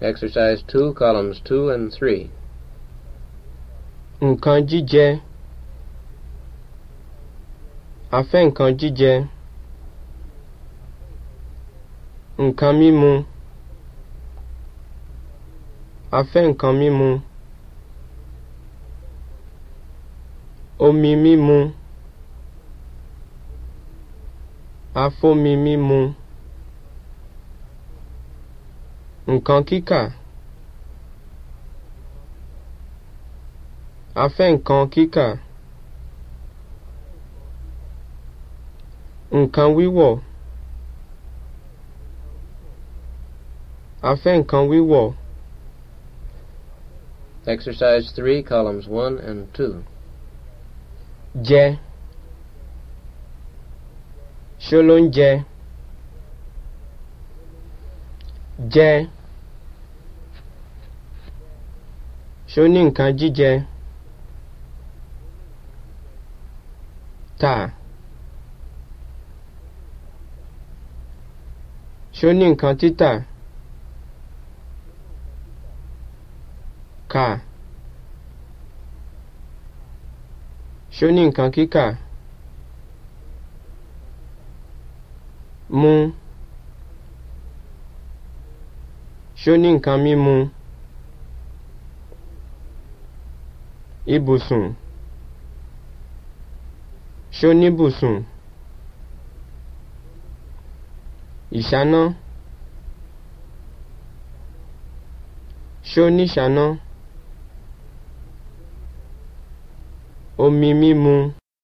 Exercise 2, columns 2 and 3. Un jíjẹ. A fẹ́ nǹkan jíjẹ. Nǹkan mímu. A fẹ́ un mímu. Omi mímu. A fómi mímu nǹkan kíkà a fẹ́ nǹkan kíkà nǹkan wíwọ̀ a fẹ́ nǹkan wíwọ̀. Exercise three, columns one and two. J. Ṣé J. ń ṣó ní nǹkan jíjẹ tà ṣó ní nǹkan títà kà ṣó ní nǹkan kíkà mú ṣó ní nǹkan mímu. ibùsùn ṣoníbùsùn ìṣáná ṣoníṣáná omi mímu